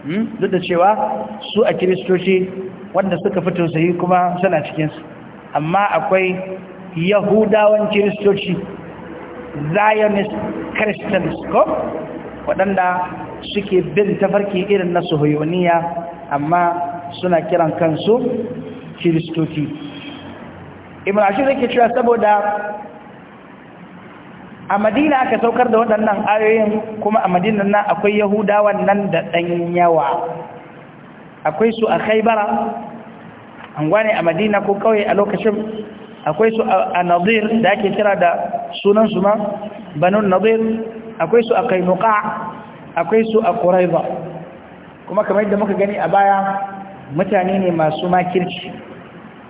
Hmm? duk da cewa su a kiristoci wanda suka fito tausayi kuma suna cikinsu amma akwai yahudawan kiristoci zionist christians ko waɗanda suke bin tafarki irin na suhoyoniya amma suna kiran kansu kiristoci ibn ashir yake cewa saboda a madina aka saukar da waɗannan ayoyin kuma a madina nan akwai yahudawan nan da ɗan yawa akwai su a khaibara an gwane a madina ko kawai a lokacin akwai su a nazir da ake kira da sunan su ma banun nazir akwai su a kainuka akwai su a kuraiba kuma kamar yadda muka gani a baya mutane ne masu makirci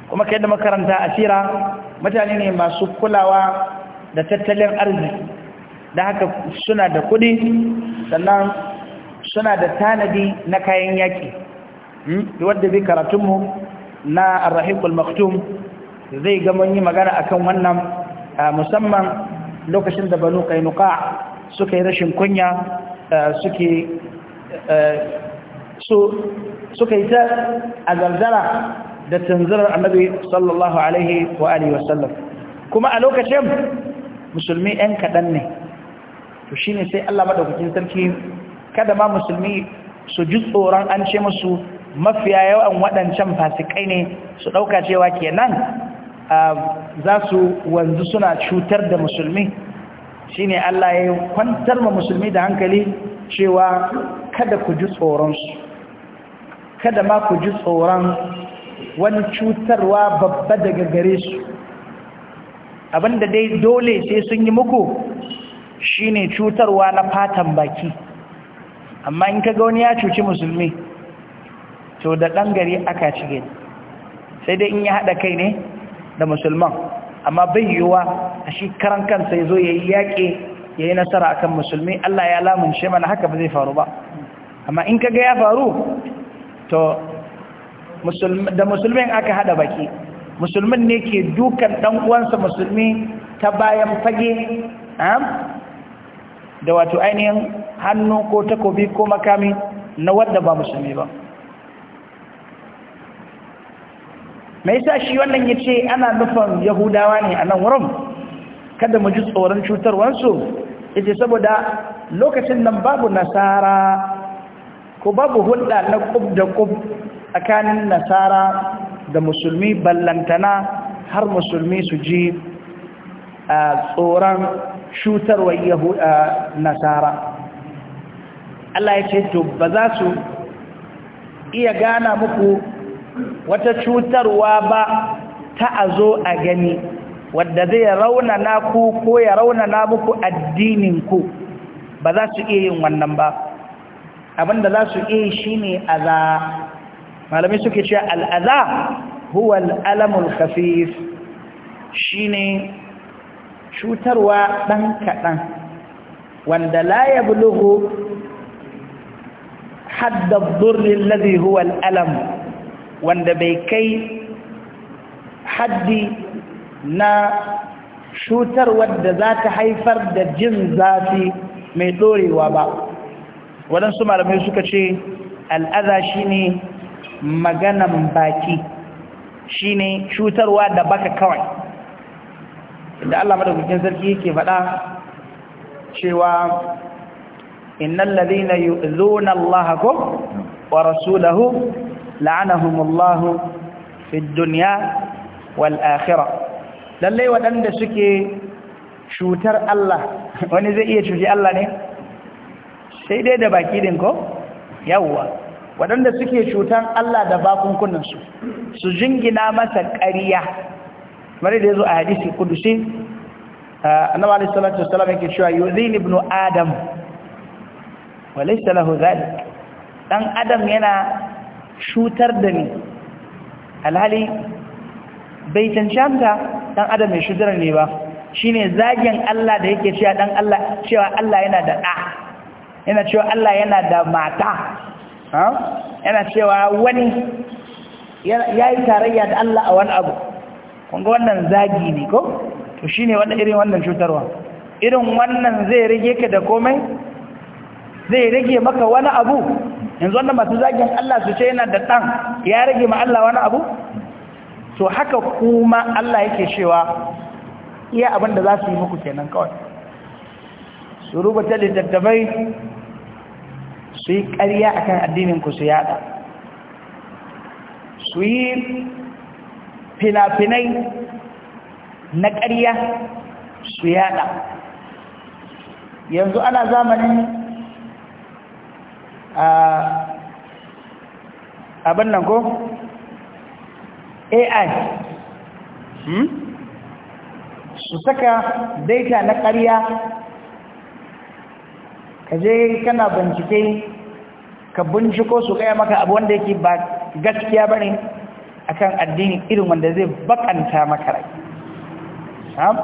kuma kai yadda makaranta asira mutane ne masu kulawa da tattalin arziki da haka suna da kuɗi sannan suna da tanadi na kayan yaki. Hmm? wadda zai karatunmu na arrahikul maktum zai ga mun yi magana akan wannan musamman lokacin da banu kainuka suka yi rashin kunya suke suka yi ta a zanzara da tanzirar annabi sallallahu alaihi wa wasallam kuma a lokacin musulmi ɗan kaɗan ne to shi ne sai Allah maɗaukakin sarki kada ma musulmi su ji tsoron an ce musu mafiya yawan waɗancan fasikai ne su ɗauka cewa ke nan, za su wanzu suna cutar da musulmi shi ne Allah ya kwantar ma musulmi da hankali cewa kada ku ji tsoronsu kada ma ku ji tsoron wani cutarwa babba daga gare su Abin da dai dole sai sun yi muku shine cutarwa na fatan baki amma in kaga wani ya cuci musulmi to da ɗan gari aka cige sai dai in ya haɗa kai ne da musulman amma bai yiwuwa a shi karan kansa ya zo ya yi yaƙe ya yi nasara a kan musulmi Allah ya shi mana haka ba zai faru ba amma in kaga ya faru to da musulmin aka haɗa baki musulmin ne ke dukan ɗan uwansa musulmi ta bayan fage da wato ainihin hannu ko takobi ko makami na wadda ba musulmi ba mai sa shi wannan ya ce ana nufin yahudawa ne a nan wurin kada mu ji tsoron cutarwansu ita saboda lokacin nan babu nasara ko babu hulɗa na ƙub da ƙub tsakanin nasara da musulmi ballantana har musulmi su ji tsoron shutarwa nasara Allah ya ce to ba za su iya gana muku wata cutarwa ba ta a zo a gani wadda zai raunana ku ko ya raunana muku addininku ba za su iya yin wannan ba abinda za su iya shi ne a za malamai suke cewa al'aza huwa kafif khafif shine cutarwa ɗan kaɗan wanda la ya haddab durin lazi huwa al'alam wanda bai kai haddi na cutarwar da za ta haifar da jin zafi mai ɗorewa ba waɗansu malamai suka ce al'aza shi ne maganan baki shine cutarwa da baka kawai da Allah madaukakin sarki yake faɗa cewa innal ladhina yu'zuna Allah ko wa rasulahu la'anahumullahu fid dunya wal akhirah lalle waɗanda suke cutar Allah wani zai iya cuci Allah ne sai dai da baki din ko yawwa waɗanda suke cutan Allah da bakunkunansu su jingina masa ƙariya mare da ya zo a hadisi kudusi uh, annabi alaihi salatu wasallam yake cewa zai ibnu adam wa salahu lahu ɗan dan adam yana cutar da ni alhali bai cancanta dan adam mai shutar ne ba Shi ne zagin Allah da yake cewa dan Allah yana da ɗa yana cewa Allah yana da mata yana cewa wani ya yi tarayya da Allah a wani abu kunga wannan zagi ne ko to shi ne irin wannan cutarwa irin wannan zai rage ka da komai zai rage maka wani abu yanzu wannan masu zagin Allah su ce yana da ɗan ya rage ma Allah wani abu to haka kuma Allah yake cewa iya abin da za su yi muku kenan kawai su da littattafai su yi ƙarya a kan addininku su yada su yi finafinai na ƙarya su yada yanzu ana zamanin abin nan ko ai hmm? su saka daita na ƙarya ka je kana bincike ka binciko su gaya maka abu wanda yake ba gaskiya bane akan addini irin wanda zai bakanta maka rai sam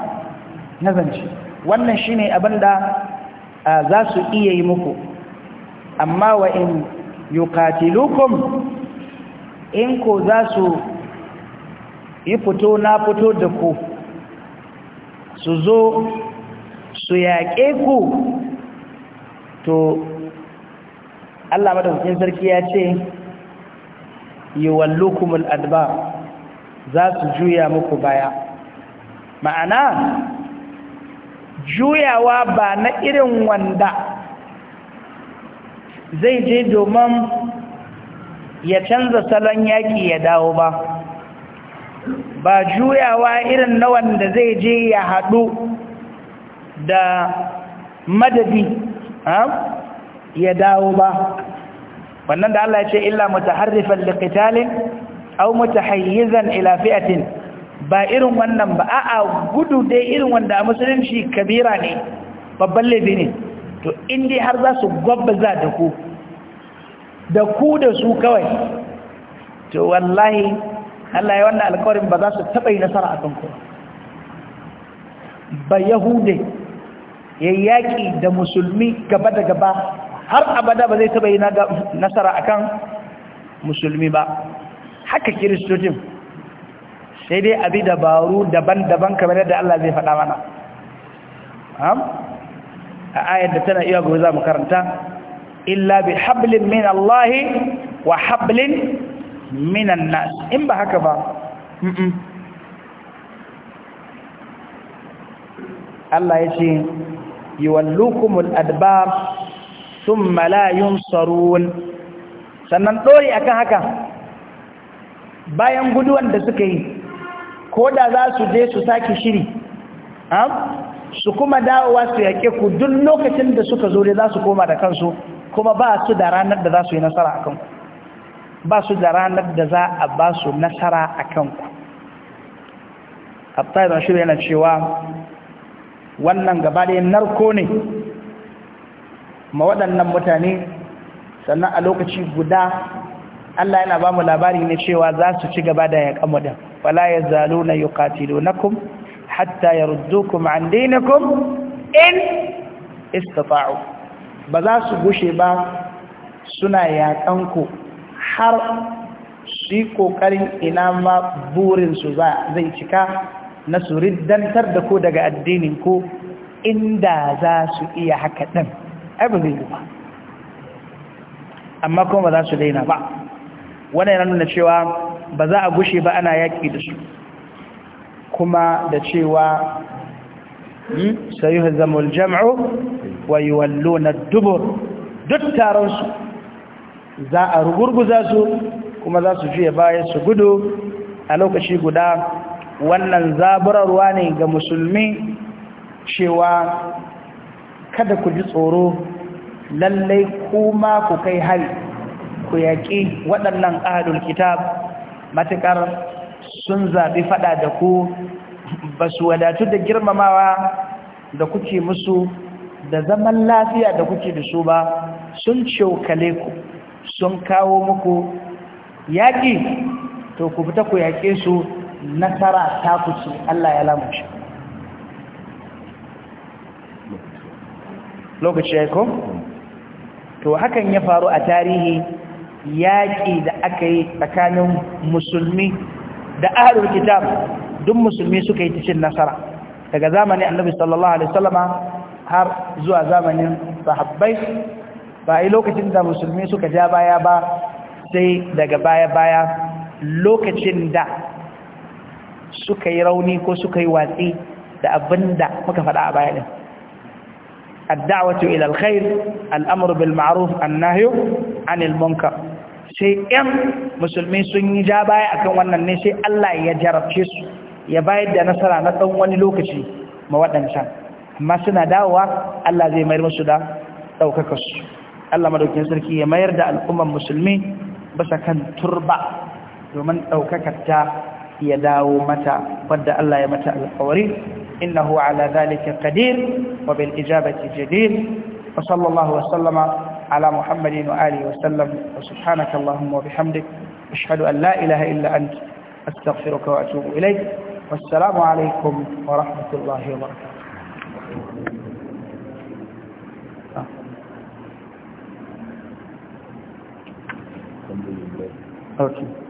nazanci wannan shine abinda za su iya yi muku amma wa in yuqatilukum in ko za su yi fito na fito da ku su zo su yaƙe ku to Allah madaukakin sarki ya ce yuwallukumul adbar za su juya muku baya ma'ana juyawa ba na irin wanda zai je domin ya canza salon yaƙi ya dawo ba ba juyawa irin na wanda zai je ya haɗu da madadi ya dawo ba wannan da Allah ya ce illa mutaharrifan liqitalin aw mutahayyizan ila fi'atin ba irin wannan ba a'a gudu dai irin wanda a musulunci kabira ne babban laifi ne to in har za su gwabbaza da ku da ku da su kawai to wallahi Allah ya wannan alƙawarin ba za su taɓa yi nasara a kan ku. ba yahude ya yaƙi da musulmi gaba da gaba har abada ba zai taɓa yi nasara kan musulmi ba haka kiristocin sai dai abi dabaru daban-daban kamar yadda Allah zai faɗa mana a ayar da tana iya gobe za mu karanta illa bi hablin min Allah wa hablin minan nas in ba haka ba Allah ya ce yuwallukumul adbar thumma la yunsarun sannan dori akan haka bayan guduwan da suka yi ko da za su je su saki shiri su kuma dawowa su yake ku duk lokacin da suka zo za su koma da kansu kuma ba su da ranar da za su yi nasara a ku. ba su da ranar da za a ba su nasara a ku. abtai don shirin na cewa wannan gaba ɗaya narko ne ma waɗannan mutane sannan a lokaci guda Allah yana ba mu labari ne cewa za su ci gaba da yaƙan mu da wala ya zalo na yi kum hatta ya ruddukum an kum in istafa'u ba za su gushe ba suna yaƙan ku har su yi ƙoƙarin ina ma burinsu zai cika na su riddantar da ku daga addinin ko inda za su iya haka ɗin abu ba amma kuma ba za su daina ba Wani yana nuna cewa ba za a gushe ba ana yaƙi da su kuma da cewa hmm, sayuhazzamu aljam'u wa na dubur duk taronsu. za a rugurguza su kuma za su fiye baya su gudu a lokaci guda wannan zaburarwa ne ga musulmi cewa kada ku ji tsoro lallai kuma ku kai hari ku yaƙi waɗannan ahalul kitab matuƙar sun zaɓi faɗa da ku ba su wadatu da girmamawa da kuke musu da zaman lafiya da kuke da su ba sun cokale ku sun kawo muku yaƙi to ku fita ku yaƙe su nasara ta kuce Allah ya shi. lokaci ya ko? to hakan ya faru a tarihi yaƙi da aka yi tsakanin musulmi da ahalul kitab duk musulmi suka yi cin nasara daga zamanin annabi sallallahu alaihi wasallama har zuwa zamanin sahabbai ba yi lokacin da musulmi suka ja baya ba sai daga baya-baya lokacin da suka yi rauni ko suka yi watsi da abin da muka faɗa a baya ɗin addawatu ilal alkhair al'amru bil ma'ruf annahyu anil munkar sai 'yan musulmi sun yi ja baya akan wannan ne sai Allah ya jarabce su ya bayar da nasara na ɗan wani lokaci ma waɗancan amma suna dawowa Allah zai mayar musu da ɗaukakar su Allah madaukin sarki ya mayar da al'umman musulmi basa kan turba domin ɗaukakar ta يداو متى قد الله متى القوري إنه على ذلك قدير وبالإجابة جدير وصلى الله وسلم على محمد وآله وسلم وسبحانك اللهم وبحمدك أشهد أن لا إله إلا أنت أستغفرك وأتوب إليك والسلام عليكم ورحمة الله وبركاته Okay.